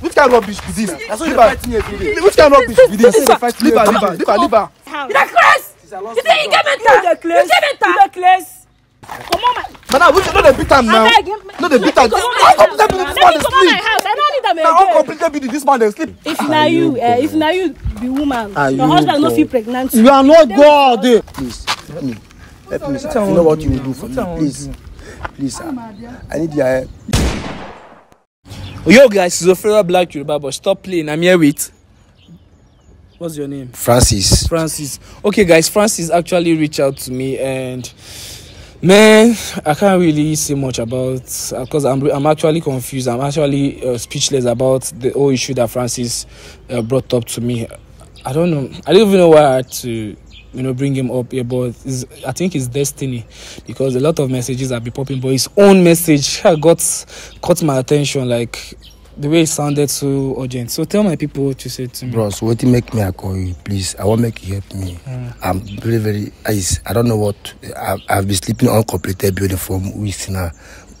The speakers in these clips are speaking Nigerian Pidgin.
Which kind of rubbish be this? That's what Which kind of rubbish be this? Leave her, leave her, leave her, leave her. You're the class! You think you get mental? You're the class! You're the class! Come on, man. Madam, which no dey beat am now? No dey beat am. How come that this man dey sleep? I don't need them again. How come this man dey sleep? If na you, eh, if na you be woman, your husband no fit pregnant. You are not God. Eh? Please, help me. Help me. You know what you will do for me, please. Please, sir. I need your help. Yo, guys, it's Ophelia Black Yoruba, but stop playing. I'm here with. What's your name? Francis. Francis. Okay, guys, Francis actually reached out to me and. Man, I can't really say much about because uh, I'm I'm actually confused. I'm actually uh, speechless about the whole issue that Francis uh, brought up to me. I don't know. I don't even know why I had to you know, bring him up here. But I think it's destiny because a lot of messages have been popping. But his own message got caught my attention, like the way it sounded so urgent. So tell my people what you said to me. Bro, so what you make me I call you, please. I want make you help me. Mm. I'm very, very, I, I don't know what, I, I've been sleeping uncompleted building for weeks now.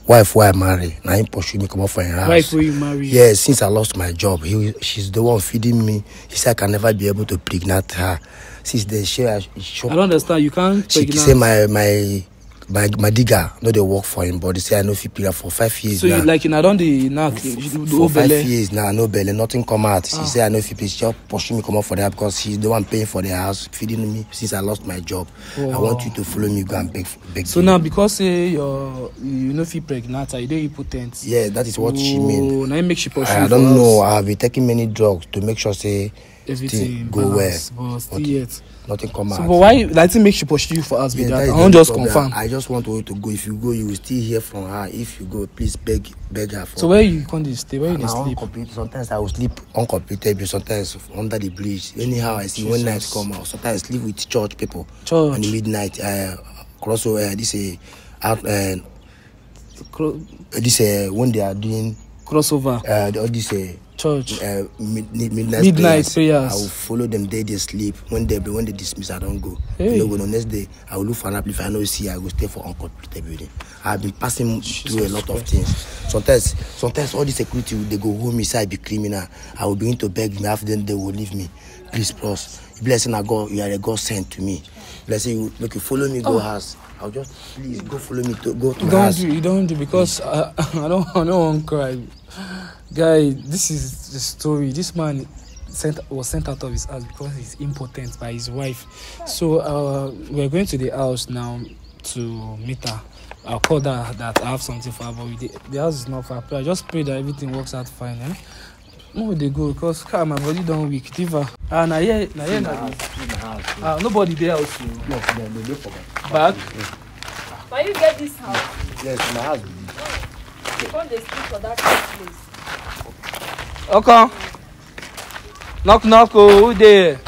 wife why i marry na him pursue me comot for a house wife wey you marry yes since i lost my job he she's the one feeding me he said i can never be able to pregnant her since then share shop. i don't understand you can't. she pregnant. say my my my my digger no dey work for him body say i no fit pay am for five years so now. so like una don dey knack the whole belle. for five years now no belle nothing come out she ah. say i no fit pay she just pursue me comot for there because she the one paying for the house feeding me since i lost my job oh. i want you to follow me go and beg beg. so me. now because say eh, your you no fit pregnant her you dey impotent. yeah, that is what oh, she mean. Oh, na him make she pursue you for house. i don know i have been taking many drugs to make sure say everything go balance, well. But nothing, yet. Nothing come so, But why that thing makes she pursue you for us yeah, with that? I won't just confirm. I just want her to go. If you go, you will still hear from her. If you go, please beg beg her for So where you come to stay? Where you sleep? Sometimes I will sleep uncompleted, but sometimes under the bridge. Anyhow, I see Jesus. when night come out. Sometimes I sleep with church people. Church. In the midnight, uh, crossover, uh, this uh, out uh, Cro- this uh, when they are doing crossover. Uh, all this uh, church. Uh, mid- midnight, midnight prayers. prayers. I will follow them day They sleep. When they when they dismiss, I don't go. Hey. You know, the next day I will look for an If I know see. I will stay for uncompleted building. I've been passing Jesus through a lot Christ. of things. Sometimes, sometimes all the security they go home inside I be criminal. I will begin to beg me. After then they will leave me. Please, bros. Blessing, I go. You are a God sent to me. Blessing, you look. You follow me. Go oh. house. I'll just please go follow me to go to you my don't house. Do, you don't do because mm. Uh, I, I don't I don't want to cry. Guy, this is the story. This man sent was sent out of his house because he's impotent by his wife. So uh, we're going to the house now to meet her. I'll call that that I have something for her, but the, the house is not for her. I just pray that everything works out fine. Eh? No, they go because car my body don't weak. Diva. Ah, na here, na here, na Ah, nobody there also. No, no, no, no, Back. you get this house. Yes, my house. Before they speak for that place. Okan. Knock knock oh, who there?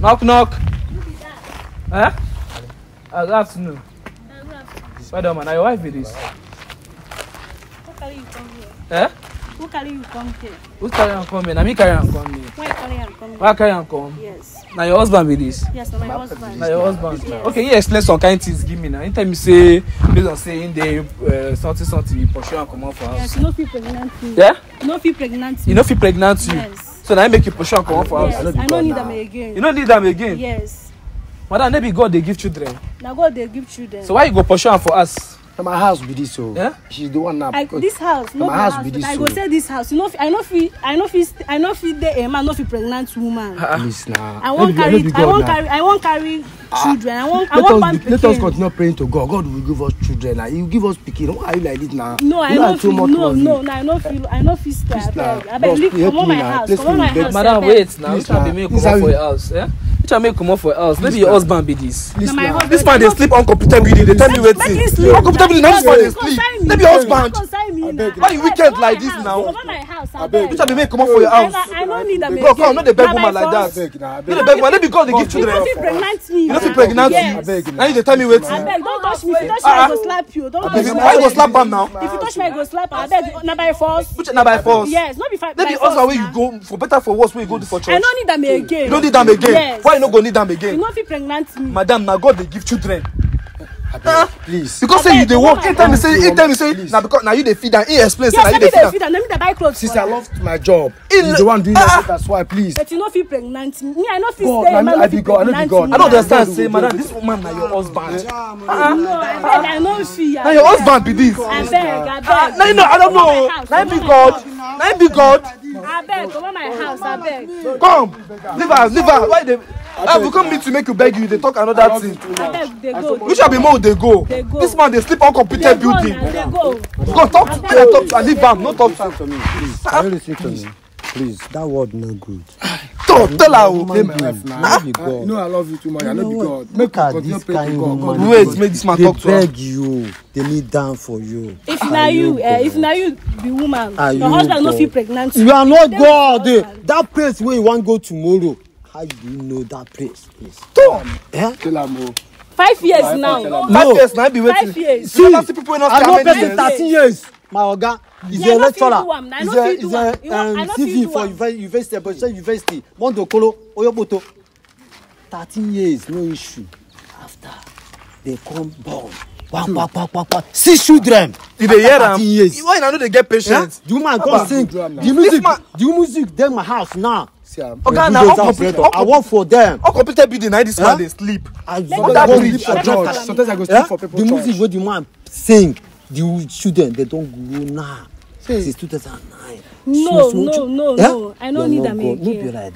Knock knock. Huh? Uh, that's new. Spider-Man, Are your wife be this. How can you come here? Eh? Who carry you come here? Who carry am come here? Na me carry am come here. Where carry am come here? Why carry am come? Yes. Now your husband be this? Yes, na my husband. Now your husband. Yes. Okay, he explain some kind things give me now. Anytime you say based on say him dey uh, something something You push he pursue come comot for us. Yes, you no feel pregnant you. Yeah? You no fit pregnant you. You no fit pregnant you. Yes. So now I make you push pursue come comot for us. Yes, I no need them again. You no need them again? Yes. Madam, no be God They give children. Now God they give children. So why you go push pursue am for us? na my house be this o oh. yeah? she dey one na this house no be house, house be i go oh. sell this house you know i no fit i no fit i no fit dey a man no fit pregnant woman ah, ah. please na i wan carry i wan carry i wan carry children i wan i wan born pikin let us continue praying to god god will give us children na he will give us pikin why are you like this na no i no feel. no no na i no feel. i no fit stay abeg abeg leave comot my house comot my house abeg madam wait na which one be me comot for your house which i make comot for house Maybe your husband be this this man dey sleep uncompleted building dey tell me wetin uncompleted building na this man dey sleep Maybe your husband why you wicked like this now abeg you try dey make comot for your house i no need am again bro come no dey beg woman like that no dey beg woman no be because dey give children you no fit pregnant me na you dey tell me wetin abeg don touch me if you touch me i go slap you don touch me why you go slap am now if you touch me i go slap am abeg na by force which na by force yes no be by force na maybe husband wey you go for better for worse wey you go do for church i no need am again you no need am again why you no go need am again you no fit pregnant me madam na god dey give children Ah. please because say you dey work in time you say in time you say na because na you dey feed am he explain say na you dey feed am na me dey buy clothes. for am. i lost my job he's the one doing ah. that that's why please. but you no fit pregnant me i no fit stay man no fit pregnant me. i no understand say madam this woman na your husband. no abeg ah. i no fit. na your husband be this. abeg abeg. na you know i don't know na him be god na him be god. abeg comot my house abeg. come leave am leave am why you dey ah we come meet to make you beg you They talk another thing which have be more they go this man they sleep on computer building go talk to her talk to her leave am no talk to me. Please, very ah. sick to me please that word no good. Don't tell her o. Oh. you know i love you too much i love you. god make her this kind of god. wait make this man talk to her. They beg you They kneel down for you. if now you eh, if now you the woman your husband not feel pregnant you. are not god eh. that place where you wan go tomorrow how you know that place please. tell eh? am o. Oh. five years now. no five years now i be waiting. see i know person thirteen years my oga is yeah, a lecturer is a is a um, cv for university ebonyi university mondokolo oyoboto thirteen years no issue after they come born kpankpankpankpa six children after thirteen years. why una no dey get patience. the woman come sing the music the music dey my house now see am. oga na all complete i work for dem. all computer building na this man dey sleep. i go sleep for church sometimes i go sleep for people church. the music wey the man sing the children dey don grow now since two thousand and nine. no no no no i no need am again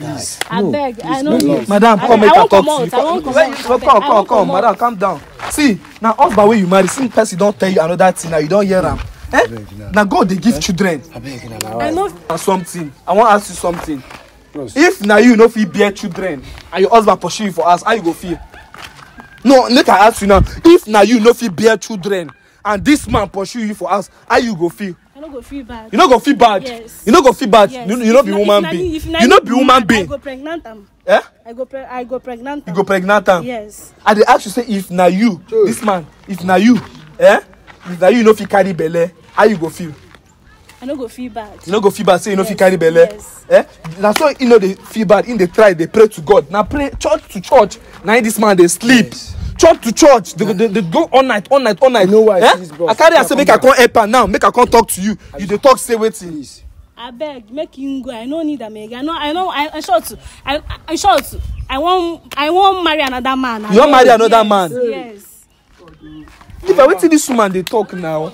abeg i beg. no need. madam come make i talk to you come come come come madam calm down see now us by wey you marry since person don't tell you another thing eh? Now you don't hear them. eh na god they give eh? children i know. I no. something i wan ask you something if na you no fit bear children and your husband pursue you for house how you go feel no make i ask you now if na you no fit bear children and this man pursue you for house how you go feel i no go feel bad you no go feel bad yes you no go feel bad yes. you, no be woman being you no be woman being i go pregnant am eh i go pre i go pregnant am you go pregnant am yes i dey ask you say if na you this man if na you eh if na you no fit carry belle how you go feel i no go feel bad you no go feel bad say you no fit carry belle eh na so e no dey feel bad e dey try dey pray to god na pray church to church na this man dey sleep church to church dey go dey go all night all night all night eh i carry am say make i come help am now make i come talk to you you dey talk say wetin abeg make you go i no need am again i no i no i short i i short i wan i wan marry another man. you wan marry another man. yes. yes. liva wetin dis woman dey talk now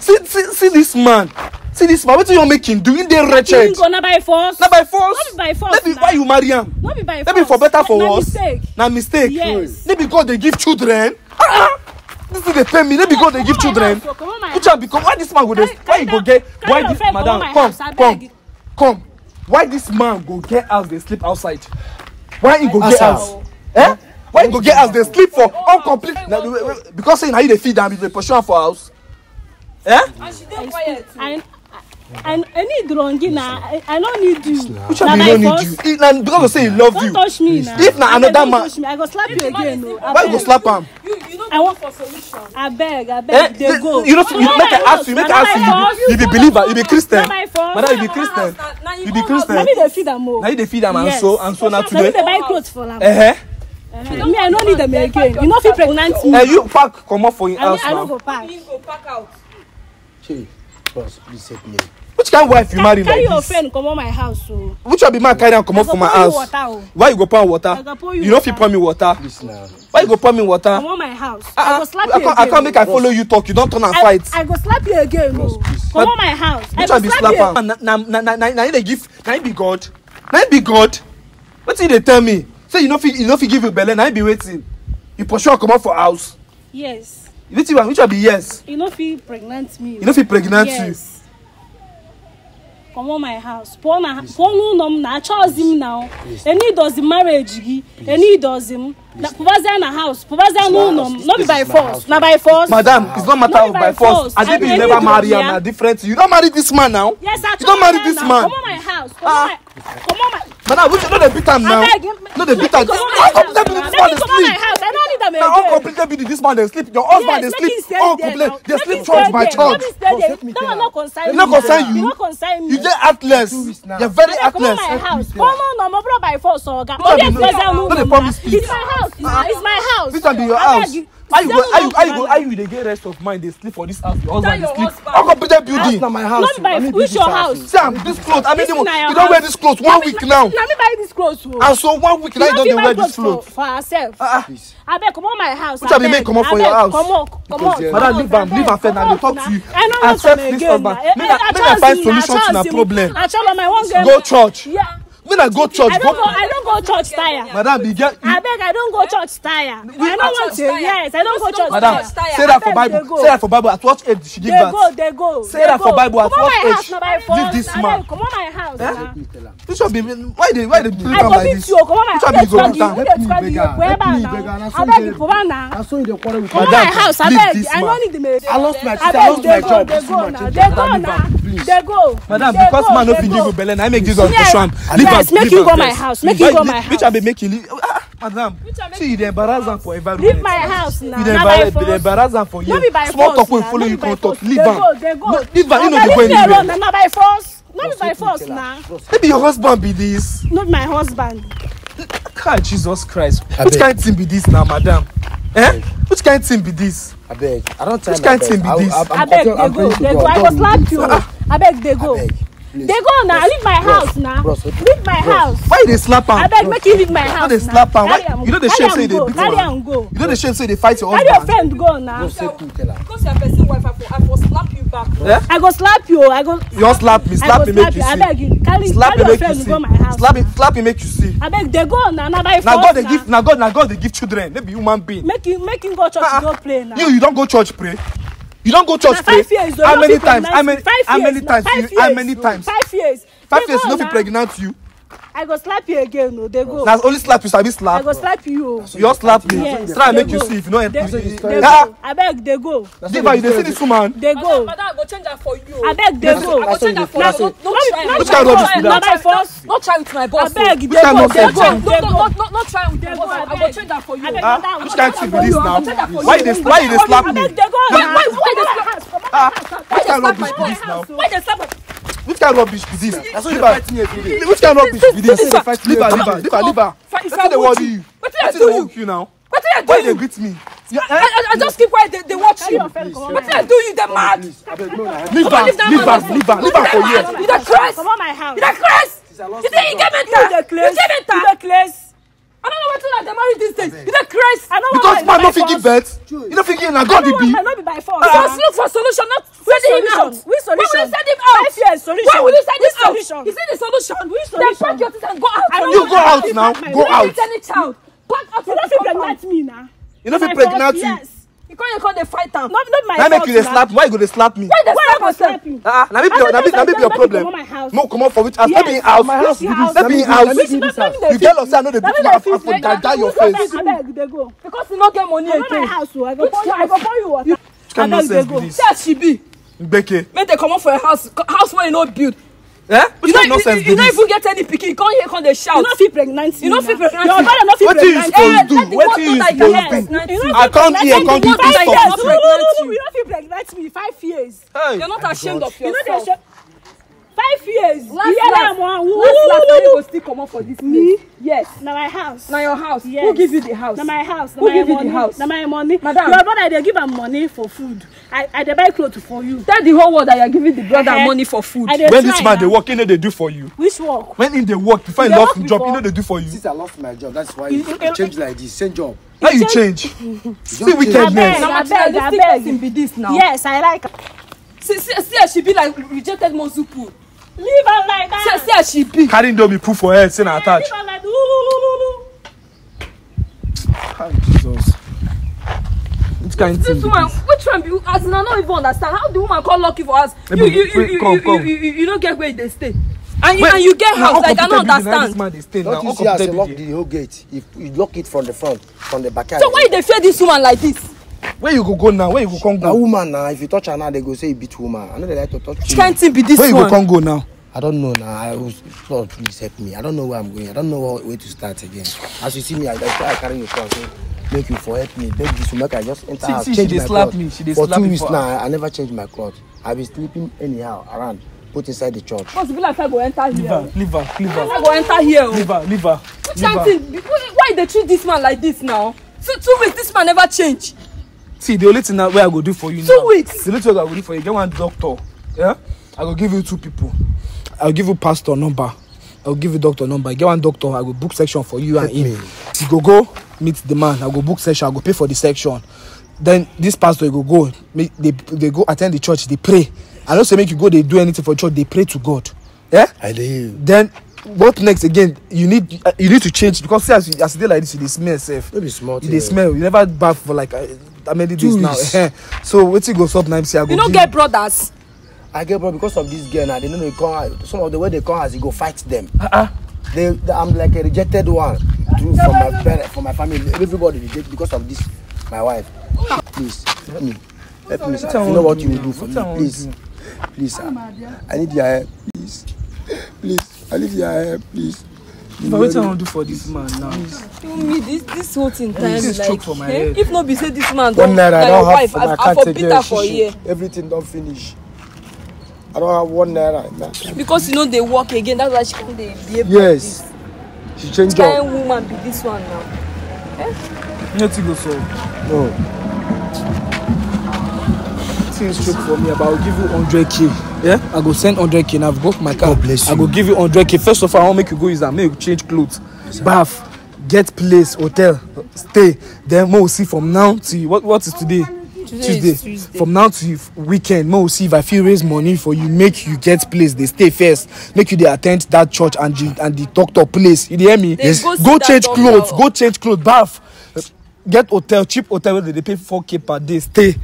see see see dis man see this man wetin you wan make him do him dey wretched. king o na by force. na by force. no be by force na. no why you marry am. no be by force. no be for better for us. na mistake. na mistake. yes. no be God dey give children. Ah, ah. this thing dey pain me no be God dey give children. which one become why this man go dey why he go get why this madam come come come why this man go get house dey sleep outside why he go get house. Eh? why you go get house dey sleep for oh, oh, uncomplete oh, na because say na you dey feed am you dey pursue am for house. Eh? and she dey quiet. I, I need Rongi now. I, don't need you. Which one you don't need you? Now because say he love you. Don't touch me now. If na another man. Touch me. I go slap you again. Oh. Why you go slap him? I want for solution. I beg, I eh, beg. Eh, they go. You know, you make I ask you, make I ask you. You be believer, you be Christian. Madam, you be Christian. You be Christian. Now you dey feed more. Oh. Now you dey feed am and so and so now today. Now you buy clothes for them. Eh eh. me, I don't need them again. You no fit pregnant me. Uh, you pack, come up for your house now. I don't go pack. You go pack out. Chey, boss, please help me which kind wife you marry like this carry your friend comot my house o which one be man carry am comot for my house oh. why you go pour am water you no fit pour me water why you go pour me water comot my house ah, i ah. go slap you again i come make i follow you talk you don turn and fight i go slap you again o oh. comot my house i go slap you na na na na na you dey give na you be god na you be god wetin you dey tell me say you no fit you no fit give you belle na you be wetin you pursue am comot for house yes which one which one be yes you no fit pregnant me you no fit oh. pregnant yes. you comot my house pụọ n'ụlọ m na achọghịzi m na enidozi marriage gị enidozi m Pubaza na house. Pubaza no no. Not by force. Not by force. Madam, it's not matter of by force. And maybe you never marry am. Na different. You don't marry this man now. Yes, I You don't marry this man. Come on my house. Come ah. on my. Come on my. Madam, we no dey beat him now. No dey beat him. How come they be this man dey sleep? I don't need am again. How come they be this man dey sleep? Your husband dey sleep. All oh, complain. they sleep church by church. Oh, That one no concern you. No concern you. No You dey heartless. You very heartless. Come on my house. Come on, no, my brother by force, oga. No dey promise me. It's my house house na ah, it's my house. this one be your house how you go how you how you go how you dey get rest of mind they sleep for this house your husband dey sleep uncompleted building house na my house no be by which your house Sam, this clothes. i mean the you don't wear this clothes one week now Let me buy this clothes, o oh. and so one week now you don wear this clothes. for herself ah, ah. I come on my house Which come on for your abeg abeg comot comot comot madam leave am leave her, first I will talk to you accept this husband make i make i find solution to na problem go church Make I go church. I don't go, I don't go church tire. Madam, be get. I beg, I don't go church tire. We, I don't want to. Yes, I don't go church Madam, tire. say that for Bible. Say that for Bible. At what age she give birth? They go, they go. Say that for Bible. At what age? Leave this man. Come on my house. Come on my house bishop be why dey why dey play am like this bishop be go put am help me beggar help me beggar na so you dey na so you dey quarrel with madam leave this man i lost my shit i lost my job this woman change my family please madam because man no fit live with belle na make this one push am leave am leave am first make you go my house bishop be ah, ah, make you leave madam see you dey embarrass am for environment leave my house na na by force you dey embarrass am for here small talk wey follow you come talk leave am leave am he no dey go anywhere na by force no be by force na no be your husband be this. no be my husband god ah, jesus christ which kind thing be this na madam eh which kind thing be this? abeg i don tell you which kind thing be dis abeg dey go dey go i go slap you abeg dey go dey go na leave my house na leave my house why you dey slap am abeg make you leave my house na slap am you no dey shame say you dey beat am you no dey shame say you dey fight your husband carry your friend go na go see your person wife i for back. Eh? I go slap you. Oh, I go. You wan slap me? Slap me make you see. I beg you. Carry carry your friend go my house. Slap me slap me make you see. I beg they go na na by Now God they give Now God now God they give children no be human being. Make him make him go church go ah, ah. play. Now You you don't go church pray? You don't go church pray? Five years. How many times? How many how many times? How many times? Five years. Five years no fit pregnant you i go slap you again o dey go. na only slap you sabi slap. i go slap you o. you just slap me yes, try make you see if you no enter. dey go abeg dey go. diva you dey see dis woman. dey go. madam i go change am for you o. abeg dey go. i go change am for you o. no try which kind rubbish be that. na my force. no try with my boss o. abeg dey go dey go. no no no try with my boss i go change am for you o. which kind thing be this now. why you dey why you dey slap me. abeg dey go. why why dey slap. me? Why? kind rubbish be dis now. why dey slap. me? kind of rubbish be this? That's why you fight me every Which kind of rubbish be this? Leave her, leave her, leave her, leave her. That's why they worry you. Wetin I do you now? do Why they greet me? Eh? I, I, just keep quiet. They, they watch you. What Wetin I do you? They mad. Leave her, leave her, leave her, leave her for here. You the Christ. You the Christ. You think you get mental? You get mental? person that marry this thing you know, Christ. i no wan because man no fit give birth you no fit give na god e be no be by force just look for solution not we send him out we solution when will you send him out five years solution Why will you send him out solution is it the solution we solution then pack your things and go out you go out now go out you no fit pregnant me now. you no fit pregnant you you you come dey fight am no no be my fault na make you dey slap me why you go dey slap me why you go slap you ah na me be your na me na me be your problem no comot for which house no be im house Let me in house you get upset i no dey beat my ass for jaja your face because you no get money again na my house o oh. i go pour you i go pour you water abeg dey go see as she be gbeke make dem comot for your house house wey you no build Eh? you kind you, you, you don't even get any pikin you come here come dey shout. you no fit pregnancy. you no fit pregnancy. your mother no fit pregnant you wetin you suppose do wetin you suppose do i come here come do this you. no no no you no fit pregnancy. me five years. Hey. you no not ashamed of yourself fears. Last year last, one. Woo, last last na you go still comot for this place. Me? Yes. Na my house. Na your house. Yes. Who give you the house? Na my house. Na Who my give money. you the house? Na my money. Madam. Your brother dey give am money for food. I I dey buy clothes for you. Tell the whole world that you are giving the brother eh? money for food. When this man they work, he no They do for you. Which work? When in the work, before he lost him job, you know they do for you. Since I lost my job, that's why I change like this. Same job. How you change? See wickedness. Abeg, abeg. Yes, I like. See, see, see, she be like rejected Mozupu leave her like that see as she be carry indomie put for her? say na attach leave her like Hi, Jesus. Which kind this, this woman, which one be as I don't even understand how the woman come lucky for us you you you you come, you, you you you no get where they stay and you and you get house like i no understand don't you see as you lock the whole gate if you lock it from the front from the backyard so why they fear this woman like this where you go go now where you go come go. na woman na if you touch her now they go say you beat woman i no dey like to touch you. which kind thing be this one. where you go come go now. I don't know now. I was Lord, please help me. I don't know where I'm going. I don't know what, where to start again. As you see me, I just I carry your crown. So make you for help me. Beg this woman, I just enter. See, I'll see, change she my slap cloth. me. She for slap two weeks now, I never change my clothes. I been sleeping anyhow around. Put inside the church. Must be like I go enter here. Liver, liver, liver. I go enter here. Oh. Liver, liver. Which liver. Why they treat this man like this now? Two, two weeks, this man never change see the only thing na wey i go do for you two now two weeks the only thing i go do for you get one doctor yeah i go give you two people i go give you pastor number i go give you doctor number get one doctor i go book section for you Help and him you go go meet the man i go book section i go pay for the section then this pastor go go make they they go at ten d the church dey pray i know say make you go dey do anything for church dey pray to god eh i dey hear you then what next again you need you need to change because see as you as you dey like this you dey smell sef no be small thing you dey smell you never baff for like uh, many days now eh, so wetin go sup na im say i go you no get brothers i get problem because of this girl na they no dey come some of the way they come as e go fight them uh -uh. They, i'm like a rejected one through from my parent from my family everybody reject because of this my wife please help me help me sir you know what you will do for me please please sir i need your help please please i need your help please. But wetin I wan do for this man now? Tell mm. me this this whole thing time this like for my head. Eh? if not be say dis man don like your wife as I for take for here. Everything don finish. I don't have one naira. man. Because you know they work again that's why she come dey behave yes. She changed job. woman be this one now? Eh? Nothing go so No things straight for me about I give you hundred k yeah I go send hundred k na I broke my car God bless you I go give you hundred k first of all I wan make you go use am make you change cloth yes, baff get place hotel stay then mo see from now till what what is today. Tuesday, Tuesday. From now to weekend, mo see if I fit raise money for you, make you get place, dey stay first, make you dey attend that church and the and the doctor place. You dey hear me? yes. Go, go change clothes, go change clothes, baff, get hotel, cheap hotel wey dey pay four k per day, stay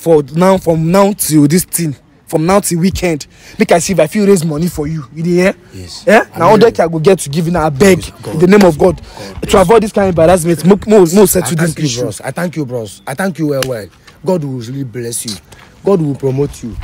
for now from now till this thing from now till weekend make i see if i fit raise money for you you dey hear. yes eh na all that i go get to give una abeg in the name of god, god to avoid this kind of embarrassment mo mo mo settle this issue. i thank you bros i thank you well well god will really bless you god will promote you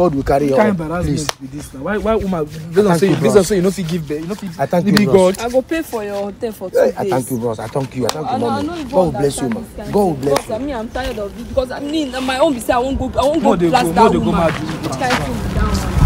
God will carry you. Kind embarrassment be this now. Why why woman based on say you based on say you no fit give birth, you no fit. I thank you, God. I go pay for your hotel for two days. Eh, I thank you, Ross. I thank you. I thank you, mommy. God will bless you, man. God will bless you. I'm tired of it because I mean, my own be say I won't go. I won't go blast that woman. Which kind of thing down?